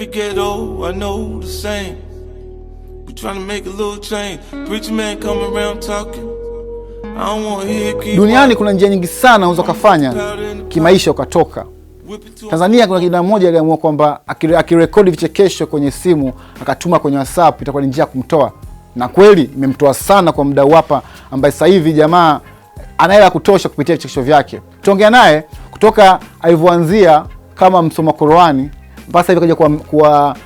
Every ghetto, I know the same. We trying to make a little change. Preacher man come around talking. Duniani kuna njia nyingi sana unaweza kufanya kimaisha ukatoka. Tanzania kuna kijana mmoja aliamua kwamba akirekodi vichekesho kwenye simu akatuma kwenye WhatsApp itakuwa ni njia ya kumtoa, na kweli imemtoa sana kwa mdau hapa, ambaye sasa hivi jamaa anaela kutosha kupitia vichekesho vyake. Tuongea naye kutoka alivyoanzia kama msoma Qurani mpaka sasa hivi kaja kuwa, kuwa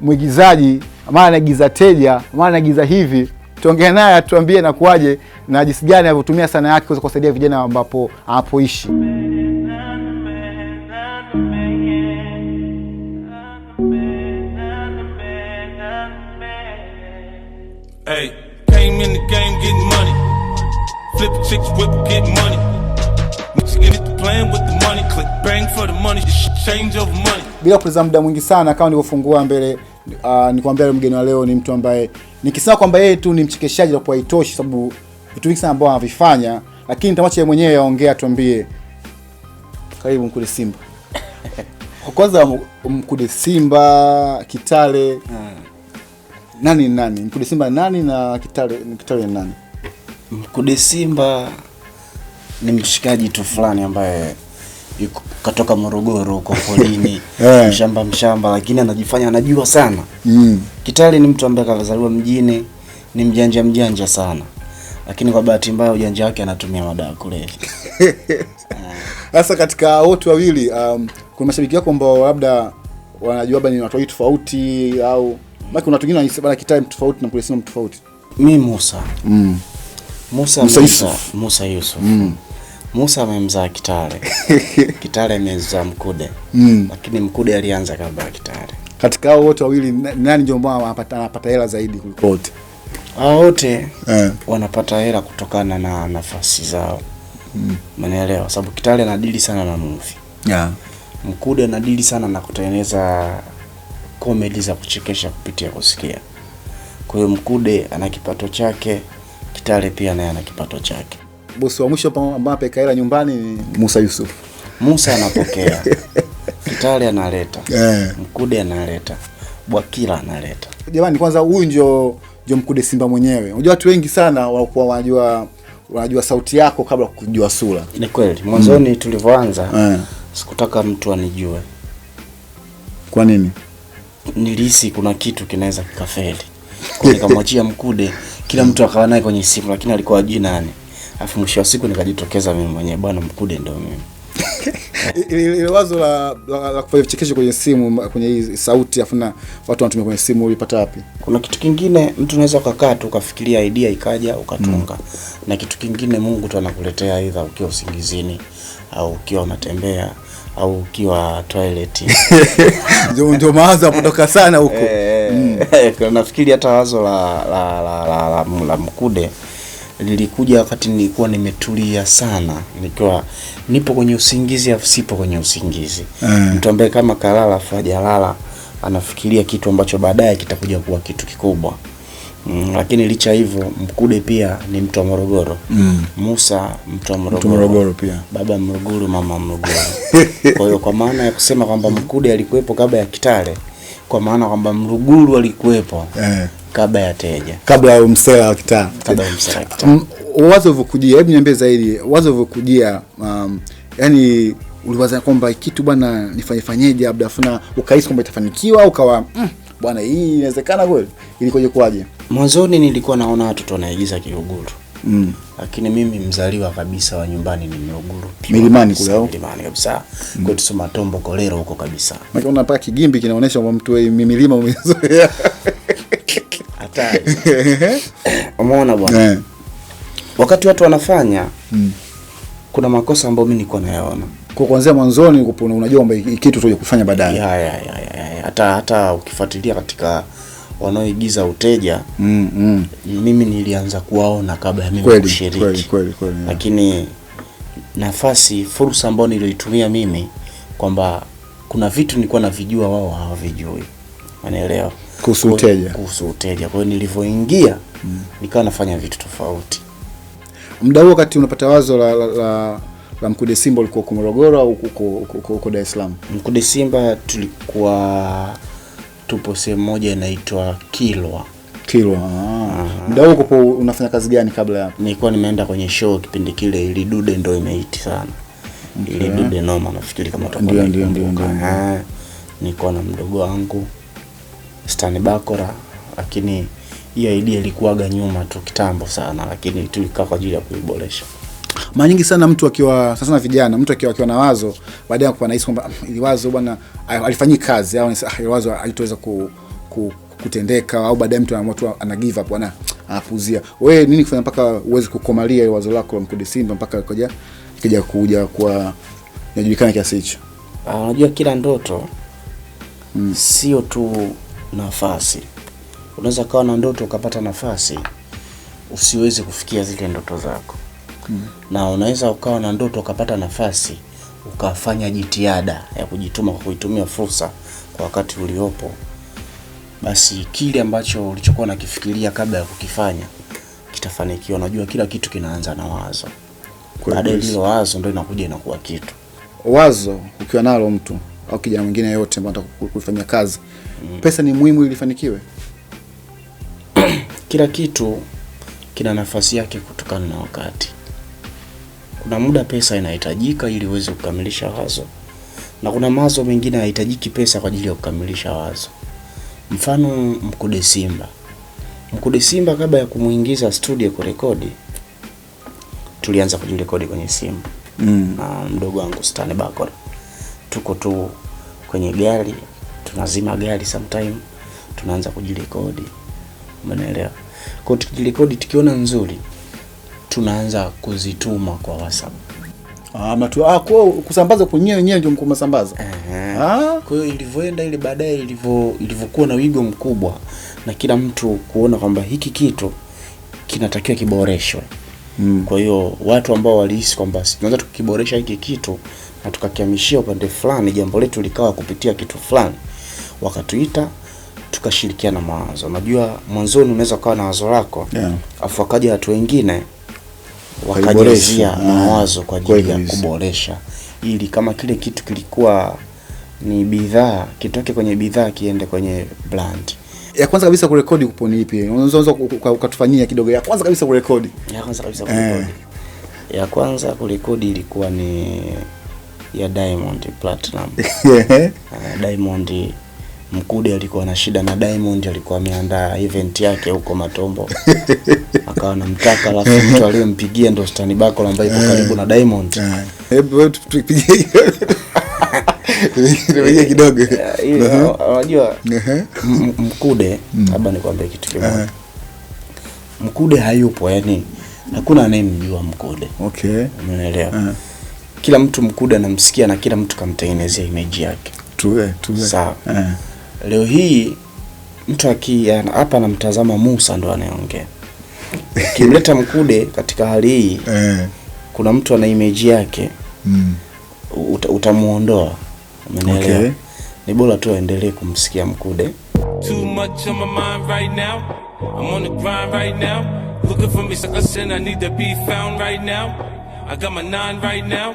mwigizaji, mara anaigiza teja, mara anaigiza hivi. Tuongee naye atuambie nakuwaje na jinsi gani anavyotumia sanaa yake kuweza kuwasaidia vijana ambapo anapoishi. Hey, bila kupoteza muda mwingi sana, kama nilivyofungua mbele uh, ah, nikwambia mgeni wa leo ni mtu ambaye nikisema kwamba yeye tu ni mchekeshaji na kwa itoshi, sababu vitu vingi sana ambao anavifanya, lakini nitamwacha yeye mwenyewe aongee, atuambie. Karibu Mkude Simba. Kwanza Mkude Simba Kitale, hmm. Nani nani Mkude Simba nani na Kitale, Kitale nani? Mkude Simba ni mshikaji tu fulani ambaye hmm yuko katoka Morogoro huko polini yeah. mshamba mshamba, lakini anajifanya anajua sana mm. Kitali ni mtu ambaye kazaliwa mjini, ni mjanja mjanja sana, lakini kwa bahati mbaya ujanja wake anatumia madawa kule sasa. Katika wote wawili um, kuna mashabiki wako ambao labda wanajua labda ni watu wawili tofauti au maki, kuna watu wengine wanasema Kitale tofauti na kule Simba tofauti. Mimi Musa mm. Musa Musa Musa Yusuf, Musa Yusuf. Mm. Musa amemzaa Kitale. Kitale amezaa Mkude. Mm. Lakini Mkude alianza kabla ya Kitale. Katika hao wote wawili nani ndio ambao anapata anapata hela zaidi kuliko wote? Hao wote eh, wanapata hela kutokana na nafasi zao. Mm. Unaelewa? Sababu Kitale anadili sana na movie. Yeah. Mkude anadili sana na kutengeneza comedy za kuchekesha kupitia kusikia. Kwa hiyo Mkude ana kipato chake, Kitale pia naye ana kipato chake bosi wa mwisho ambaye apeka hela nyumbani ni Musa Yusuf. Musa anapokea Kitale analeta yeah. Mkude analeta Bwakila analeta. Jamani, kwanza huyu ndio ndio Mkude Simba mwenyewe. Unajua watu wengi sana walikuwa wanajua wanajua sauti yako kabla kujua sura. Ni kweli mwanzoni, mm. tulivyoanza yeah. sikutaka mtu anijue. Kwa nini? Nilihisi kuna kitu kinaweza kikafeli, kwa nikamwachia Mkude, kila mtu akawa naye kwenye simu, lakini alikuwa ajui nani afu mwisho wa siku nikajitokeza mimi mwenyewe, bwana Mkude ndio mimi. Ile wazo la, la, la kufanya vichekesho kwenye simu kwenye hii sauti afu na watu wanatumia kwenye simu ulipata wapi? Kuna kitu kingine mtu unaweza ukakaa tu ukafikiria idea ikaja ukatunga. Mm. Na kitu kingine Mungu tu anakuletea aidha ukiwa usingizini au ukiwa unatembea au ukiwa toilet. Ndio ndio mawazo kutoka sana huko. Eh, mm. Eh, eh, nafikiri hata wazo la la la, la, la, la Mkude lilikuja wakati nilikuwa nimetulia sana, nikiwa nipo kwenye usingizi afu sipo kwenye usingizi mm. Mtu ambaye kama kalala afu hajalala anafikiria kitu ambacho baadaye kitakuja kuwa kitu kikubwa mm. Lakini licha hivyo, Mkude pia ni mtu wa Morogoro mm. Musa mtu wa Morogoro, mtu Morogoro pia, baba Morogoro, mama Morogoro kwa hiyo kwa maana ya kusema kwamba Mkude alikuwepo kabla ya Kitale, kwa maana kwamba Mruguru alikuwepo yeah kabla ya teja, kabla ya msela wa kitaa, kabla ya msela wa kitaa. Mm, wazo ulivyokujia, hebu niambie zaidi, wazo ulivyokujia, um, yani uliwaza kwamba kitu bwana nifanye fanyeje, labda funa ukahisi kwamba itafanikiwa ukawa mm, bwana hii inawezekana kweli, ilikoje kwaje? Mwanzoni nilikuwa naona watoto wanaigiza Kiluguru mm. Lakini mimi mzaliwa kabisa wa nyumbani ni Mluguru, milimani kule au milimani kabisa mm. kwetu Sumatombo Kolero huko kabisa. Maana unapaka kigimbi kinaonesha kwamba mtu wewe eh, milima umezoea hatari. Umeona bwana, eh. wakati watu wanafanya mm. kuna makosa ambayo mimi nilikuwa nayaona kwa kuanzia mwanzoni, unajua kwamba kitu tuje kufanya baadaye. Hata hata ukifuatilia katika wanaoigiza uteja mm, mm. mimi nilianza kuwaona kabla ya mimi kushiriki lakini nafasi fursa ambayo nilioitumia mimi kwamba kuna vitu nilikuwa navijua, wao hawavijui, wanaelewa kuhusu uteja, kuhusu uteja. Kwa hiyo nilivyoingia mm. nikawa nafanya vitu tofauti. Muda huo wakati unapata wazo la, la, la, la Mkude Simba ulikuwa uko Morogoro au uko Dar es Salaam? Mkude Simba tulikuwa tupo sehemu moja inaitwa Kilwa. Kilwa. Ah. Muda huo uko unafanya kazi gani kabla ya? Nilikuwa nimeenda kwenye show kipindi kile ili dude ndio imeiti sana. Okay. Ili dude noma nafikiri kama tutakuwa. Ndio ndio ndio. Nilikuwa na mdogo wangu Stan Bakora, lakini hiyo idea ilikuwaga nyuma tu kitambo sana, lakini tulikaa kwa ajili ya kuiboresha. Mara nyingi sana mtu akiwa sasa na vijana, mtu akiwa akiwa na wazo baadaye kwa nahisi kwamba ah, ili wazo bwana alifanyii kazi au ah, ili wazo alitoweza ku, ku, kutendeka au baadaye mtu anamwatu ana give up bwana anapuzia. Wewe nini kufanya mpaka uweze kukomalia ile wazo lako la Mkude Simba mpaka kuja kija kuja kwa najulikana kiasi hicho. Ah, unajua uh, kila ndoto mm. sio tu nafasi. Unaweza kawa na ndoto ukapata nafasi usiwezi kufikia zile ndoto zako Hmm. na unaweza ukawa na ndoto ukapata nafasi ukafanya jitihada ya kujituma kwa kuitumia fursa kwa wakati uliopo, basi kile ambacho ulichokuwa nakifikiria kabla ya kukifanya kitafanikiwa. Unajua, kila kitu kinaanza na wazo, baada ya hilo wazo ndio inakuja inakuwa kitu. Wazo ukiwa nalo mtu au kijana mwingine yote ambao kufanya kazi mm. pesa ni muhimu ili ifanikiwe? Kila kitu kina nafasi yake kutokana na wakati. Kuna muda pesa inahitajika ili uweze kukamilisha wazo, na kuna mawazo mengine hayahitajiki pesa kwa ajili ya kukamilisha wazo. Mfano Mkude Simba. Mkude Simba kabla ya kumuingiza studio kurekodi, tulianza kujirekodi kwenye simu mm. na mdogo wangu Stan Bakora tuko tu kwenye gari, tunazima gari sometime, tunaanza kujirekodi, umeelewa? Kwa tukijirekodi tukiona nzuri, tunaanza kuzituma kwa WhatsApp ah matu ah, kwa kusambaza kwenyewe wenyewe ndio uh -huh. Ah, kwa hiyo ilivyoenda ile baadaye ilivyo ilivyokuwa na wigo mkubwa na kila mtu kuona kwamba hiki kitu kinatakiwa kiboreshwe. Mm. Kwa hiyo watu ambao walihisi kwamba tunaweza tukiboresha hiki kitu na tukakihamishia upande fulani, jambo letu likawa kupitia kitu fulani, wakatuita tukashirikiana mawazo. Unajua, mwanzoni unaweza kuwa na wazo lako yeah. afu wakaja watu wengine wakajazia mawazo kwa ajili ya kuboresha, ili kama kile kitu kilikuwa ni bidhaa kitoke kwenye bidhaa kiende kwenye brand. Ya kwanza kabisa kurekodi kupo ni ipi? Unaweza ukatufanyia kidogo. Ya kwanza kabisa kurekodi, ya kwanza kabisa kurekodi, eh. ya kwanza kurekodi ilikuwa ni ya Diamond Platinum. uh, Diamond Mkude alikuwa na shida na Diamond, alikuwa ameandaa event yake huko Matombo akawa anamtaka, alafu mtu aliyempigia ndo Stani Bakol ambaye yuko karibu na Diamond. Hebu kidogo. Unajua Mkude, labda nikwambie kitu kimoja, uh-huh. Mkude hayupo, yani hakuna anayemjua Mkude. Okay, umeelewa? Uh-huh kila mtu Mkude anamsikia na kila mtu kamtengenezea image yake. Tuwe, tuwe. Sawa. Yeah. Leo hii mtu akia hapa anamtazama Musa ndo anayeongea. kimleta Mkude katika hali hii yeah. Kuna mtu ana image yake mm. Uta, utamuondoa. Umeelewa? Okay. Ni bora tu aendelee kumsikia Mkude. Too much on my mind right now. I'm on the grind right now. Looking for me success and I need to be found right now. I got my nine right now.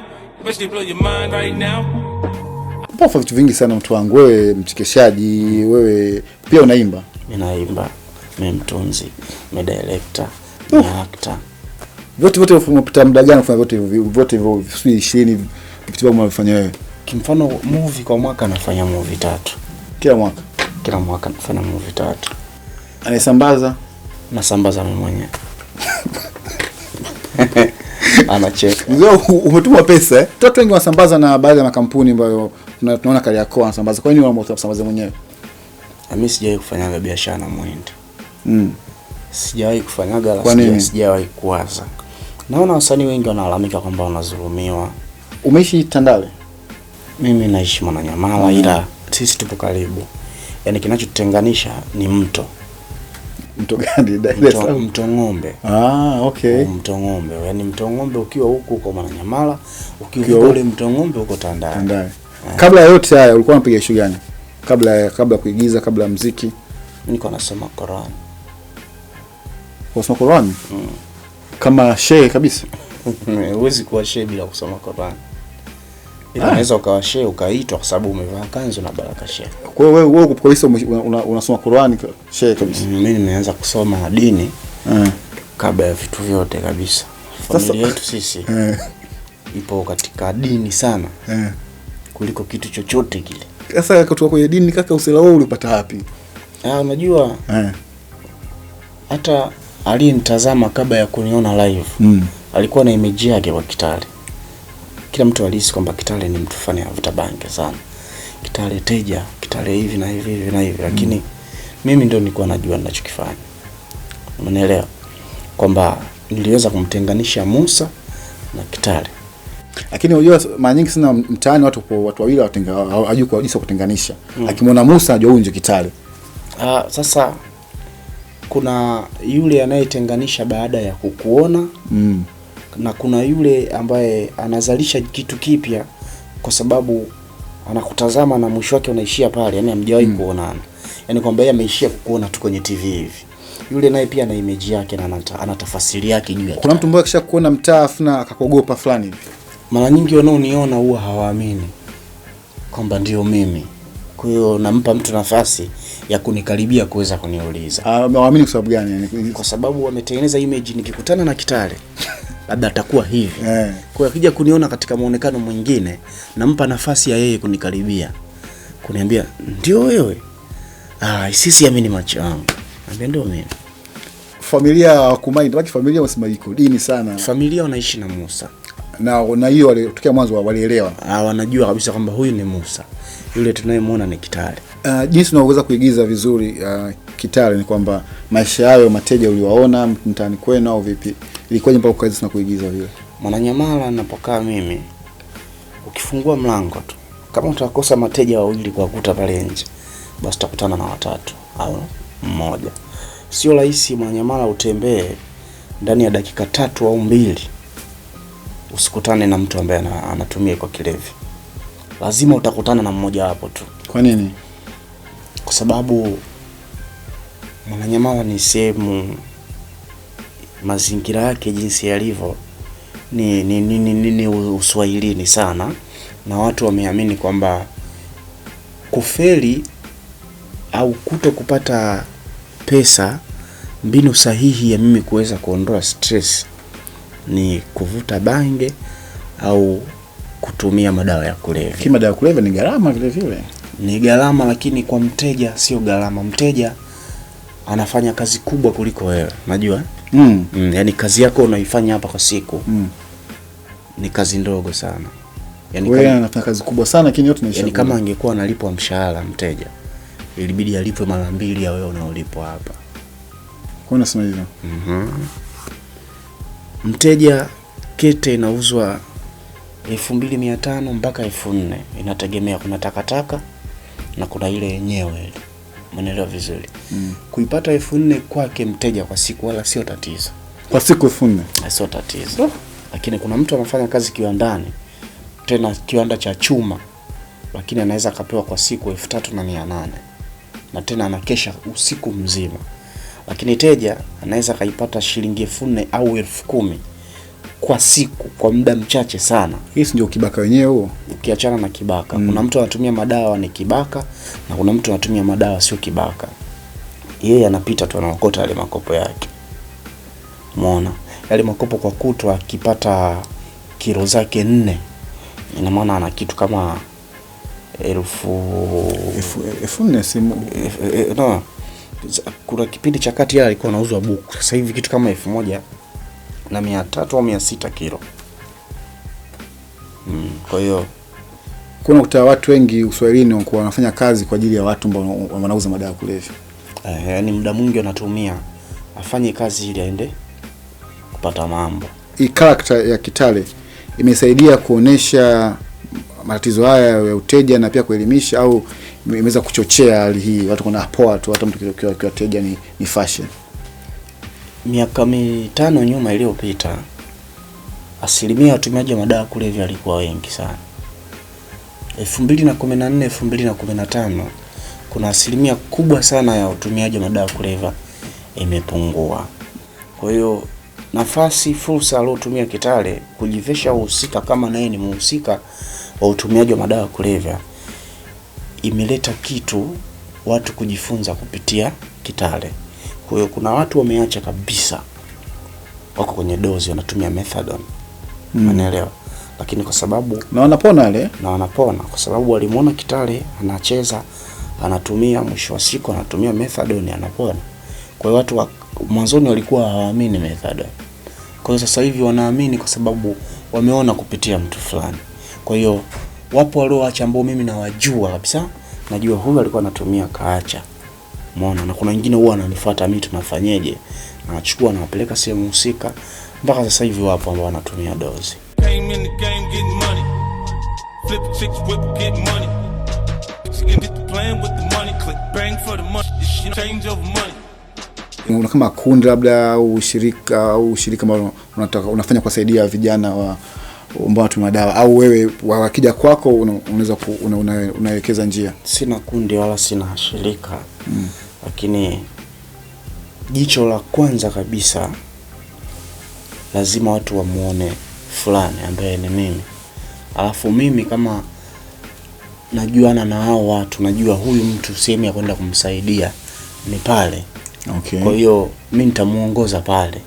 Pofa vitu vingi sana mtu wangu, wewe mchekeshaji, wewe pia unaimba? Mimi naimba, mimi mtunzi, mimi director, mimi uh. actor. Vyote vyote umepita muda gani kufanya vyote hivyo? Vyote hivyo sijui 20 vitu ambavyo umefanya wewe. Kimfano movie kwa mwaka nafanya movie tatu. Kila mwaka. Kila mwaka nafanya movie tatu. Anasambaza? Nasambaza mimi mwenyewe. anacheka. Umetuma pesa eh? Watu wengi wanasambaza na baadhi ya makampuni ambayo tunaona Kariakoo anasambaza. Kwa nini unasambaza mwenyewe? Mimi sijawahi kufanyaga biashara na mwindo Mm. Sijawahi kufanyaga la sijawahi kuwaza. Naona wasanii wengi wanalalamika kwamba wanazulumiwa Umeishi Tandale? Mimi naishi Mwananyamala, mm. ila sisi tupo karibu. Yaani kinachotenganisha ni mto mto gani? mto Ng'ombe. Ah, okay. Mto Ng'ombe, yani mto Ng'ombe ukiwa huko uko Mwananyamala, ukiwa ule mto Ng'ombe huko Tandale. Tandale. Yeah. Kabla ya yote haya ulikuwa unapiga shughuli gani? Kabla ya kabla kuigiza, kabla ya muziki? Niko nasoma Qur'an. Unasoma Qur'an? Mm. Kama shehe kabisa. Huwezi kuwa shehe bila kusoma Qur'an. Ah. unaweza ukawashe ukaitwa kwa sababu umevaa kanzu na baraka shehe. Kwa hiyo wewe wewe kabisa unasoma Qur'ani shehe kabisa. Mm, mimi nimeanza kusoma dini eh. kabla ya vitu vyote kabisa. Familia yetu sisi eh. ipo katika dini sana eh. kuliko kitu chochote kile. Sasa kutoka kwenye dini kaka, usela wewe ulipata wapi? Ah, unajua hata alimtazama kabla ya kuniona live mm. alikuwa na image yake kwa kitali kila mtu alihisi kwamba Kitale ni mtu fani avuta bange sana, Kitale teja, Kitale hivi na hivi hivi na hivi, mm. lakini mm. mimi ndio nilikuwa najua ninachokifanya, umeelewa kwamba niliweza kumtenganisha Musa na Kitale. Lakini unajua mara nyingi sana mtaani watu kwa watu wawili hajui kwa jinsi kutenganisha mm. akimwona Musa anajua huyu ndio Kitale. Ah, sasa kuna yule anayetenganisha baada ya kukuona mm na kuna yule ambaye anazalisha kitu kipya kwa sababu anakutazama na mwisho wake unaishia pale, yani hamjawahi mm. kuonana, yani kwamba yeye ameishia kukuona tu kwenye TV hivi yule naye pia ana image yake na ana tafasiri yake juu Kuna mtu mmoja akishakuona mtaa afuna akakogopa fulani hivi. Mara nyingi wanaoniona huwa hawaamini kwamba ndio mimi, kwa hiyo nampa mtu nafasi ya kunikaribia kuweza kuniuliza. Ah, uh, Hawaamini kwa sababu gani? Kwa sababu wametengeneza image, nikikutana na Kitale labda atakuwa hivi yeah. Kwa akija kuniona katika muonekano mwingine, nampa nafasi ya yeye kunikaribia, kuniambia ndio wewe, ah, sisi amini macho yangu, ambia ndio mimi. Familia wakumaini baki familia iko dini sana, familia wanaishi na Musa na na hiyo walitokea mwanzo walielewa, ah, wanajua kabisa kwamba huyu ni Musa yule tunayemwona ni Kitale. Uh, jinsi unaoweza kuigiza vizuri uh, Kitale ni kwamba maisha yayo mateja uliwaona mtaani kwenu au vipi? Ilikuwaje mpaka ukaanza na kuigiza vile? Mwananyamala ninapokaa mimi, ukifungua mlango tu kama utakosa mateja wawili kwa kuta pale nje, basi utakutana na watatu au mmoja. Sio rahisi Mwananyamala utembee ndani ya dakika tatu au mbili usikutane na mtu ambaye anatumia kwa kilevi lazima utakutana na mmoja wapo tu. Kwa nini? Kwa sababu Mwananyamala ni sehemu, mazingira yake jinsi yalivyo ni ni, ni, ni, ni uswahilini sana, na watu wameamini kwamba kufeli au kuto kupata pesa, mbinu sahihi ya mimi kuweza kuondoa stress ni kuvuta bange au kutumia madawa ya kulevya. Kima madawa ya kulevya ni gharama vile vile. Ni gharama lakini kwa mteja sio gharama. Mteja anafanya kazi kubwa kuliko wewe. Unajua? Mm. Mm, yani kazi yako unaifanya hapa kwa siku. Mm. Ni kazi ndogo sana. Yani wewe kama, anafanya kazi kubwa sana lakini yote inaisha. Yani kama angekuwa analipwa mshahara mteja, ilibidi alipwe mara mbili ya wewe unaolipwa hapa. Kwa unasema hivyo. Mhm. Mm, mteja kete inauzwa 2500 mpaka 4000 inategemea, kuna takataka na kuna ile yenyewe ile, umeelewa vizuri mm. Kuipata 4000 kwake mteja kwa siku wala sio tatizo, kwa siku 4000 eh, sio tatizo, lakini kuna mtu anafanya kazi kiwandani, tena kiwanda cha chuma, lakini anaweza akapewa kwa siku 3800 na na tena anakesha usiku mzima, lakini teja anaweza akaipata shilingi 4000 au elfu kumi kwa siku kwa muda mchache sana. Hii ndio kibaka wenyewe huo. Ukiachana na kibaka mm. Kuna mtu anatumia madawa ni kibaka na kuna mtu anatumia madawa sio kibaka. Yeye anapita tu anaokota yale makopo yake. Umeona? Yale makopo kwa kutwa akipata kilo zake nne, ina maana ana kitu kama elfu elfu nne simu eh, eh, eh, no. Kuna kipindi cha kati yale alikuwa anauzwa buku, sasa hivi kitu kama elfu moja na mia tatu au mia sita kilo. Mm, kwa hiyo kuna kuta watu wengi uswahilini wakuwa wanafanya kazi kwa ajili ya watu ambao wanauza madawa ya kulevya. Eh, yani muda mwingi anatumia afanye kazi ili aende kupata mambo. Hii karakta ya Kitale imesaidia kuonesha matatizo haya ya uteja na pia kuelimisha au imeweza kuchochea hali hii, watu kuna poa tu, hata mtu kiwa ni, ni fashion miaka mitano nyuma iliyopita, asilimia ya watumiaji wa madawa kulevya alikuwa wengi sana. 2014 2015 kuna asilimia kubwa sana ya utumiaji wa madawa kulevya imepungua. Kwa hiyo nafasi, fursa aliyotumia Kitale kujivesha uhusika kama naye ni mhusika wa utumiaji wa madawa kulevya imeleta kitu watu kujifunza kupitia Kitale. Kwa hiyo kuna watu wameacha kabisa, wako kwenye dozi, wanatumia methadone mm. Unaelewa, lakini kwa sababu na wanapona ale, na wanapona kwa sababu walimuona Kitale anacheza, anatumia, mwisho wa siku anatumia methadone, anapona. Kwa hiyo watu wa, mwanzoni walikuwa hawaamini methadone, kwa hiyo sasa hivi wanaamini kwa sababu wameona kupitia mtu fulani. Kwa hiyo wapo walioacha ambao mimi nawajua kabisa, najua huyu alikuwa anatumia kaacha Umeona, na kuna wengine huwa wananifuata mimi, tunafanyeje? Anachukua nawapeleka sehemu husika, mpaka sasa hivi wapo ambao wanatumia dozi. Una kama kundi labda au ushirika au ushirika ambao unafanya kuwasaidia vijana wa ambao tuna dawa au wewe wakija kwako unaweza unaelekeza una njia? Sina kundi wala sina shirika mm. Lakini jicho la kwanza kabisa lazima watu wamuone fulani ambaye ni mimi, alafu mimi kama najuana na hao watu, najua huyu mtu sehemu ya kwenda kumsaidia ni pale okay. Kwa hiyo mi nitamuongoza pale,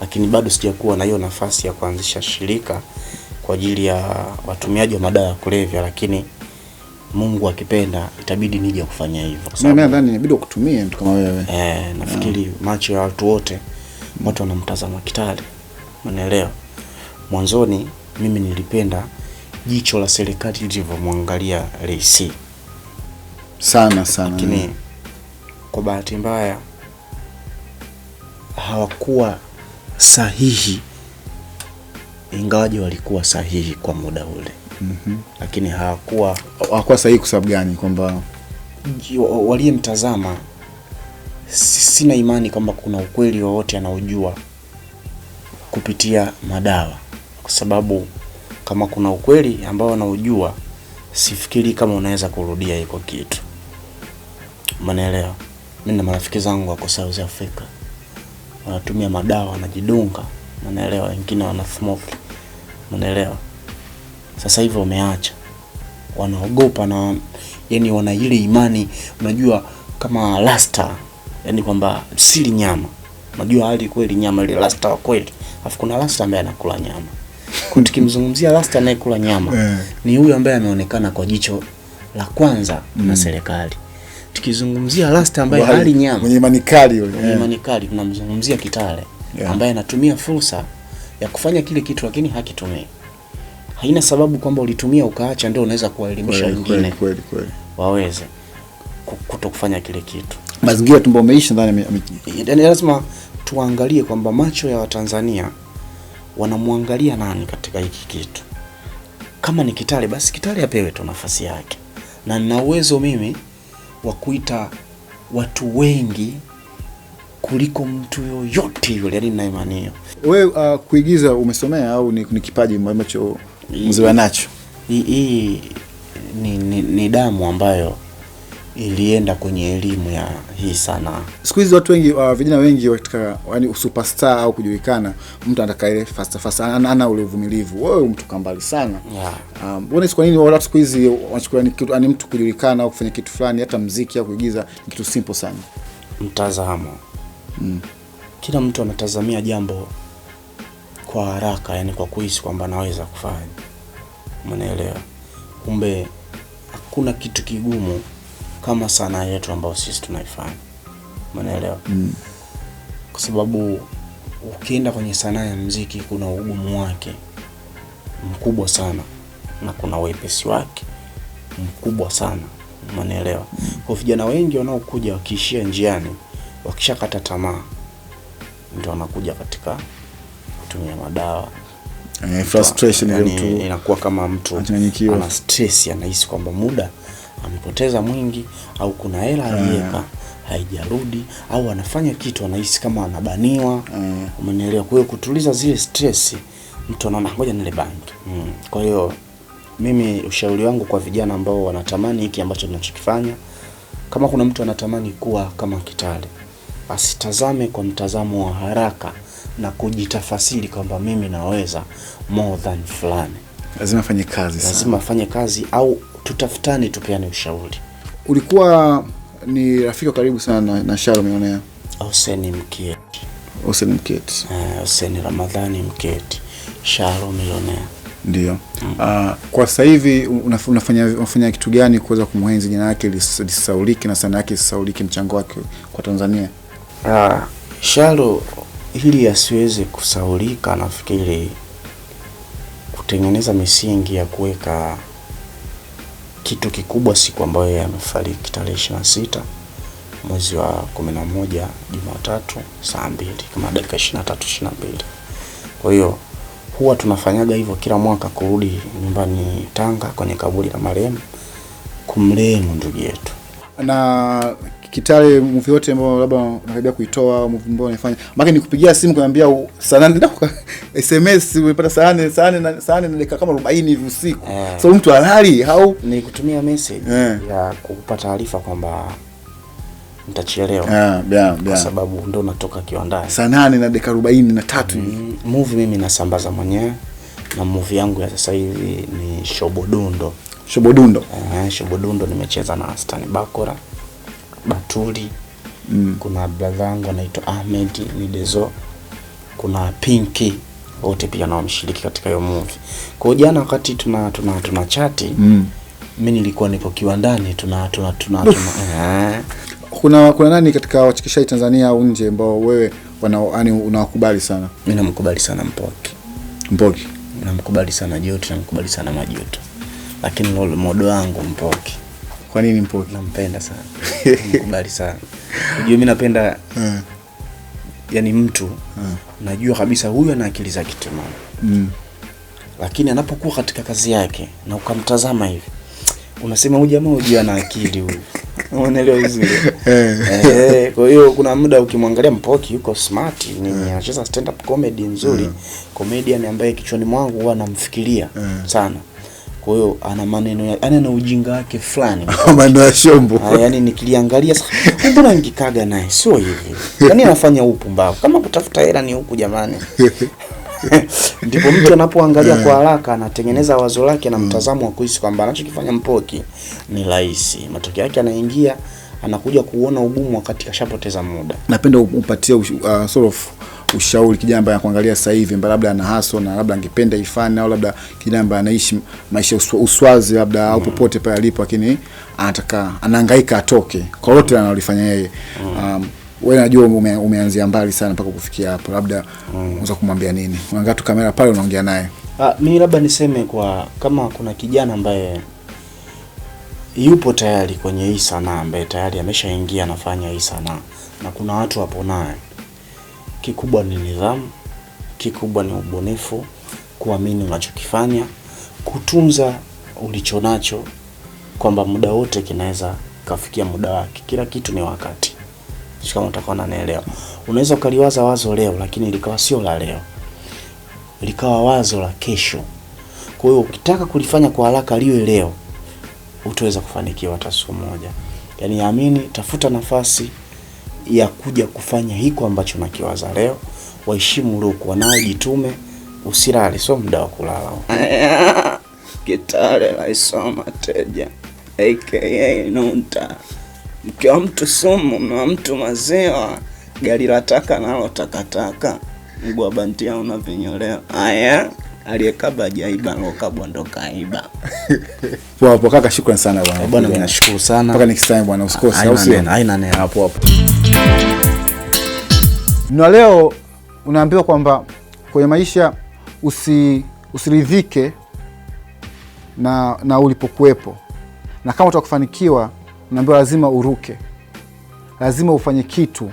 lakini bado sijakuwa na hiyo nafasi ya kuanzisha shirika kwa ajili ya watumiaji wa madawa ya kulevya, lakini Mungu akipenda itabidi nije kufanya hivyo. Mimi nadhani inabidi kutumia mtu kama wewe. Eh, nafikiri yeah. Macho ya watu wote watu wanamtazama Kitale, unaelewa. Mwanzoni mimi nilipenda jicho la serikali lilivyomwangalia Rais sana sana, lakini eh. kwa bahati mbaya hawakuwa sahihi ingawaji walikuwa sahihi kwa muda ule mm -hmm. Lakini hawakuwa hawakuwa sahihi kwa sababu gani? Kwamba waliyemtazama, sina imani kwamba kuna ukweli wowote anaojua kupitia madawa, kwa sababu kama kuna ukweli ambao anaojua, sifikiri kama unaweza kurudia iko kitu. Mnaelewa, mimi na marafiki zangu wako South Africa wanatumia madawa, wanajidunga, manaelewa wengine wanafumofla Unaelewa? Sasa hivi wameacha, wanaogopa na yani wana ile imani, unajua kama lasta yani kwamba sili nyama. Unajua hali kweli nyama ile lasta wa kweli, afu kuna lasta ambaye anakula nyama kwa tukimzungumzia rasta anayekula nyama yeah, ni huyu ambaye ameonekana kwa jicho la kwanza mm, na serikali. Tukizungumzia lasta ambaye hali nyama mwenye manikali, mwenye manikali tunamzungumzia Kitale yeah, ambaye anatumia fursa ya kufanya kile kitu lakini hakitumii. Haina sababu kwamba ulitumia ukaacha ndio unaweza kuwaelimisha wengine. Kweli kweli. Waweze kuto kufanya kile kitu. Mazingira tumbo umeisha ndani yaani lazima tuangalie kwamba macho ya Watanzania wanamwangalia nani katika hiki kitu. Kama ni Kitale basi Kitale apewe tu nafasi yake. Na nina uwezo mimi wa kuita watu wengi kuliko mtu yoyote yule, yani na imani hiyo. Wewe uh, kuigiza umesomea au ni, ni kipaji ambacho mzee anacho? Hii ni, ni, ni damu ambayo ilienda kwenye elimu ya hii sanaa. Siku hizi watu wengi uh, vijana wengi wakitaka yani superstar au kujulikana, mtu anataka ile fast fast, ana ule uvumilivu. Wewe mtu kambali sana yeah. Um, kwa nini watu siku hizi wanachukulia ni mtu kujulikana au kufanya kitu fulani, hata mziki au kuigiza ni kitu simple sana? Mtazamo mm. Kila mtu anatazamia jambo kwa haraka, yani kwa kuhisi kwamba anaweza kufanya, umeelewa? Kumbe hakuna kitu kigumu kama sanaa yetu ambayo sisi tunaifanya, umeelewa? mm. Kwa sababu ukienda kwenye sanaa ya mziki kuna ugumu wake mkubwa sana na kuna wepesi wake mkubwa sana, umeelewa? Mm. Kwa vijana wengi wanaokuja wakiishia njiani Wakishakata tamaa ndio wanakuja katika kutumia madawa eh, frustration ile mtu yaani inakuwa kama mtu ana stress, anahisi kwamba muda amepoteza mwingi, au kuna hela ah. aliweka haijarudi, au anafanya kitu anahisi kama anabaniwa. Ah. Umenielewa? Kwa hiyo kutuliza zile stress, mtu anaona ngoja nile bangi. Mm. Kwa hiyo mimi ushauri wangu kwa vijana ambao wanatamani hiki ambacho tunachokifanya, kama kuna mtu anatamani kuwa kama Kitale asitazame kwa mtazamo wa haraka na kujitafasiri kwamba mimi naweza more than fulani. Lazima afanye kazi, lazima afanye kazi, au tutafutane, tupeane ushauri. Ulikuwa ni rafiki wa karibu sana na, na Sharo Millionaire Hussein Mketi, Hussein Mketi, Hussein eh, Ramadhani Mketi, Sharo Millionaire ndio. mm. Uh, kwa sasa hivi unafanya unafanya kitu gani kuweza kumwenzi jina lake lisaulike na sana yake lisaulike, mchango wake kwa Tanzania? sharo ah. Shalo hili asiweze kusaulika, nafikiri kutengeneza misingi ya kuweka kitu kikubwa siku ambayo yeye amefariki tarehe ishirini na sita mwezi wa kumi na moja Jumatatu saa mbili kama dakika ishirini na tatu ishirini na mbili Kwa hiyo huwa tunafanyaga hivyo kila mwaka kurudi nyumbani Tanga kwenye kaburi la marehemu kumlemu ndugu yetu na Kitale movie yote ambayo labda unakaribia kuitoa au movie ambayo unaifanya, maana nikupigia simu kuniambia saa nane na SMS umepata saa nane saa nane saa nane na dakika kama 40 hivi usiku Eh. So mtu halali au nilikutumia message eh, ya kukupa taarifa kwamba nitachelewa yeah, yeah, kwa sababu ndo natoka kiwandani saa nane na dakika arobaini na tatu mm, hivi mm, movie mimi nasambaza mwenyewe na movie yangu ya sasa hivi ni Shobodundo. Shobodundo, eh, Shobodundo nimecheza na Stan Bakora Batuli mm. kuna brother anaitwa Ahmed Nidezo, kuna Pinki wote pia nao katika hiyo movie. Kwa jana wakati tuna tuna tuna chati mm. mimi nilikuwa nipo kiwandani tuna tuna tuna, tuna eh. kuna kuna nani katika wachekeshaji Tanzania au nje ambao wewe yaani unawakubali sana? Mimi namkubali sana Mpoki. Mpoki namkubali sana Joto, namkubali sana Majuto, lakini role model wangu Mpoki kwa nini Mpoki? Nampenda sana. Nakubali sana. Unajua mimi napenda yani mtu najua kabisa huyu ana akili zake timamu. Mm. Lakini anapokuwa katika kazi yake na ukamtazama hivi unasema huyu jamaa hujui ana akili huyu. Unaelewa vizuri. Eh, kwa hiyo kuna muda ukimwangalia Mpoki yuko smart, ni anacheza stand up comedy nzuri. Comedian ambaye kichwani mwangu huwa namfikiria sana. Kwa hiyo ana maneno ana na ujinga wake fulani. Maneno ya shombo. Ah, yani nikiliangalia sasa mbona nikikaga naye sio hivi. yani anafanya upumbavu. Kama kutafuta hela ni huku jamani. Ndipo mtu anapoangalia kwa haraka anatengeneza wazo lake na mtazamo wa kuhisi kwamba anachokifanya Mpoki ni rahisi. Matokeo yake anaingia anakuja kuona ugumu wakati kashapoteza muda. Napenda upatie uh, sort of ushauri kijana ambaye anakuangalia sasa hivi, labda ana haso na labda angependa ifanye, au labda kijana ambaye anaishi maisha uswazi labda au mm. popote pale alipo, lakini anataka anahangaika atoke kwa lote analifanya yeye mm. um, wewe najua ume, umeanzia mbali sana mpaka kufikia hapo, labda mm. unaweza kumwambia nini? Unaangalia tu kamera pale, unaongea naye. Ah, mimi labda niseme kwa kama kuna kijana ambaye yupo tayari kwenye hii sanaa, ambaye tayari ameshaingia anafanya hii sanaa na kuna watu wapo naye Kikubwa ni nidhamu, kikubwa ni ubunifu, kuamini unachokifanya, kutunza ulicho nacho kwamba muda wote kinaweza kafikia muda wake. Kila kitu ni wakati, kama utakuwa unanielewa. Unaweza ukaliwaza wazo leo, lakini likawa sio la leo, likawa wazo la kesho. Kwa hiyo ukitaka kulifanya kwa haraka liwe leo, utaweza kufanikiwa hata siku moja. Yani amini, tafuta nafasi ya kuja kufanya hiko ambacho nakiwaza leo. Waheshimu uliokuwa nao, jitume, usilale, sio muda wa kulala. Kitale laisoma teja aka Nunta, mkiwa mtu sumu, na mtu maziwa, gari la taka nalo takataka, mguu wa bandia una vinyoleo. Haya, aliyekaba jaiba lokabwa ndo kaiba. Poa poa kaka, shukrani sana bwana. Bwana mimi nashukuru sana. Mpaka next time bwana, usikose au sio? Haina neno hapo hapo. Na leo unaambiwa kwamba kwenye maisha usi, usiridhike na, na ulipokuwepo, na kama utakufanikiwa unaambiwa lazima uruke, lazima ufanye kitu,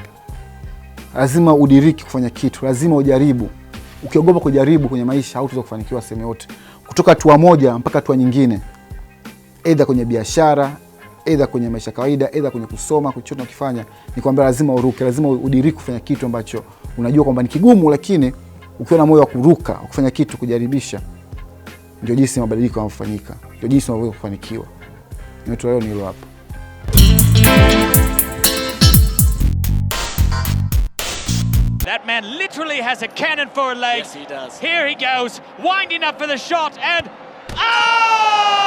lazima udiriki kufanya kitu, lazima ujaribu. Ukiogopa kujaribu kwenye maisha hautaweza kufanikiwa sehemu yote, kutoka hatua moja mpaka hatua nyingine, aidha kwenye biashara aidha kwenye maisha kawaida, aidha kwenye kusoma, chochote unakifanya, ni kwamba lazima uruke, lazima udiriki kufanya kitu ambacho unajua kwamba ni kigumu, lakini ukiwa na moyo wa kuruka, kufanya kitu, kujaribisha, ndio jinsi mabadiliko yanafanyika, ndio jinsi unavyoweza kufanikiwa. Nimetolea hilo hapo. That man literally has a cannon for a leg. Yes, he does. Here he goes, winding up for the shot and oh!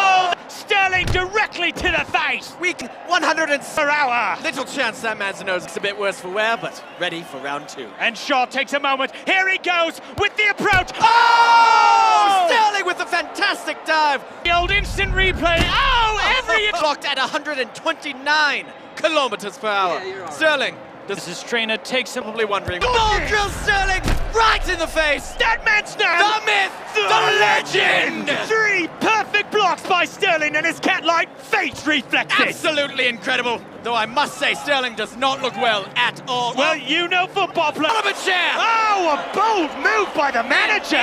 directly to the face! Weak 100 per hour! Little chance that man's nose is a bit worse for wear, but ready for round two. And Shaw takes a moment. Here he goes with the approach. Oh! oh! Sterling with a fantastic dive! The old instant replay. Oh, every... Clocked at 129 kilometers per hour. Yeah, Sterling. This is trainer takes him. Probably wondering. Ball drill Sterling! right in the face. man's now the myth, the, the legend. Three perfect blocks by Sterling, and his cat-like face reflects Absolutely incredible. Though I must say, Sterling does not look well at all. Well, oh. you know football player. a chair. Oh, a bold move by the manager.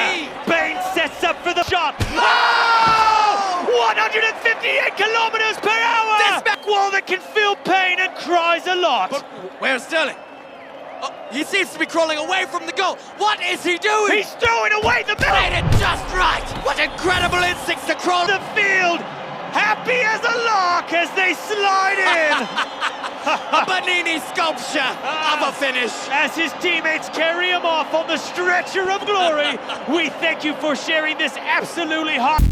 Baines sets up for the shot. Oh! 158 kilometers per hour. This wall that can feel pain and cries a lot. But where's Sterling? Oh, he seems to be crawling away from the goal. What is he doing? He's throwing away the middle. Made it just right. What incredible instincts to crawl the field. Happy as a lark as they slide in. a Bernini sculpture of a finish. As his teammates carry him off on the stretcher of glory, we thank you for sharing this absolutely hot.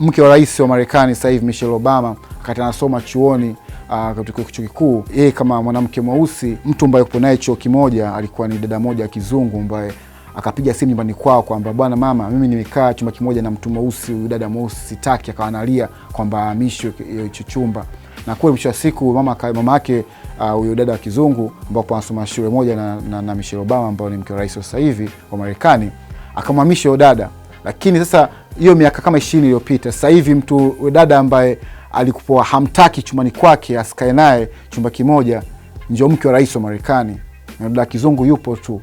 Mke wa rais wa Marekani sasa hivi Michelle Obama akati anasoma chuoni Ah, katika chuo kikuu. Yeye kama mwanamke mweusi, mtu ambaye upo naye chuo kimoja, alikuwa ni dada moja kizungu ambaye akapiga simu nyumbani kwao kwamba bwana mama, mimi nimekaa chumba kimoja na mtu mweusi, huyu dada mweusi sitaki. Akawa analia kwamba ahamishwe eh, hicho chumba, na kweli mwisho wa siku mama yake ah, huyo uh, dada wa kizungu ambapo anasoma shule moja na, na, na Michelle Obama ambao ni mke wa rais wa sasa hivi wa Marekani akamhamisha huyo dada, lakini sasa hiyo miaka kama ishirini iliyopita sasa hivi mtu dada ambaye alikupoa hamtaki chumbani kwake asikae naye chumba kimoja, ndio mke wa rais wa Marekani na dada kizungu yupo tu,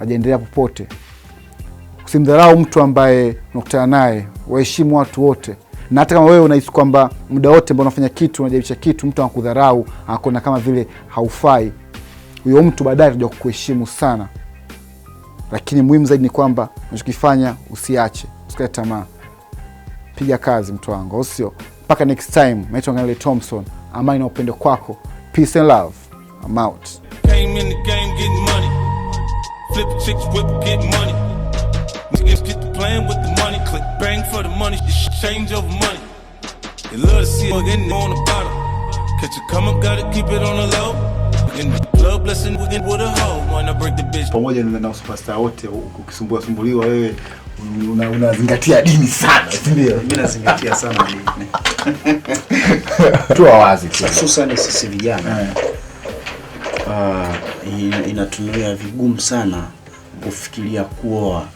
ajaendelea popote. Usimdharau mtu ambaye unakutana naye, waheshimu watu wote, na hata kama wewe unahisi kwamba muda wote ambao unafanya kitu, unajaribisha kitu, mtu anakudharau, anakuona kama vile haufai, huyo mtu baadaye atakuja kukuheshimu sana. Lakini muhimu zaidi ni kwamba unachokifanya usiache, usikate tamaa, piga kazi mtu wangu, au sio? Mpaka next time, naitwa Ngale Thompson. Amani na upendo kwako. Peace and love. I'm out. Flip chicks, whip, get money. Niggas get with the money. Click bang for the money. change over money. They love to see it in on the bottom. Catch a come up, gotta keep it on the low. blessing with a hoe. break the bitch. Pamoja na superstar wote ukisumbua sumbuliwa wewe unazingatia dini sana, si ndio? Mimi nazingatia sana dini. Tuwa wazi tu. Hususan sisi vijana. Uh, eh. ah, inatunuia vigumu sana kufikiria kuoa.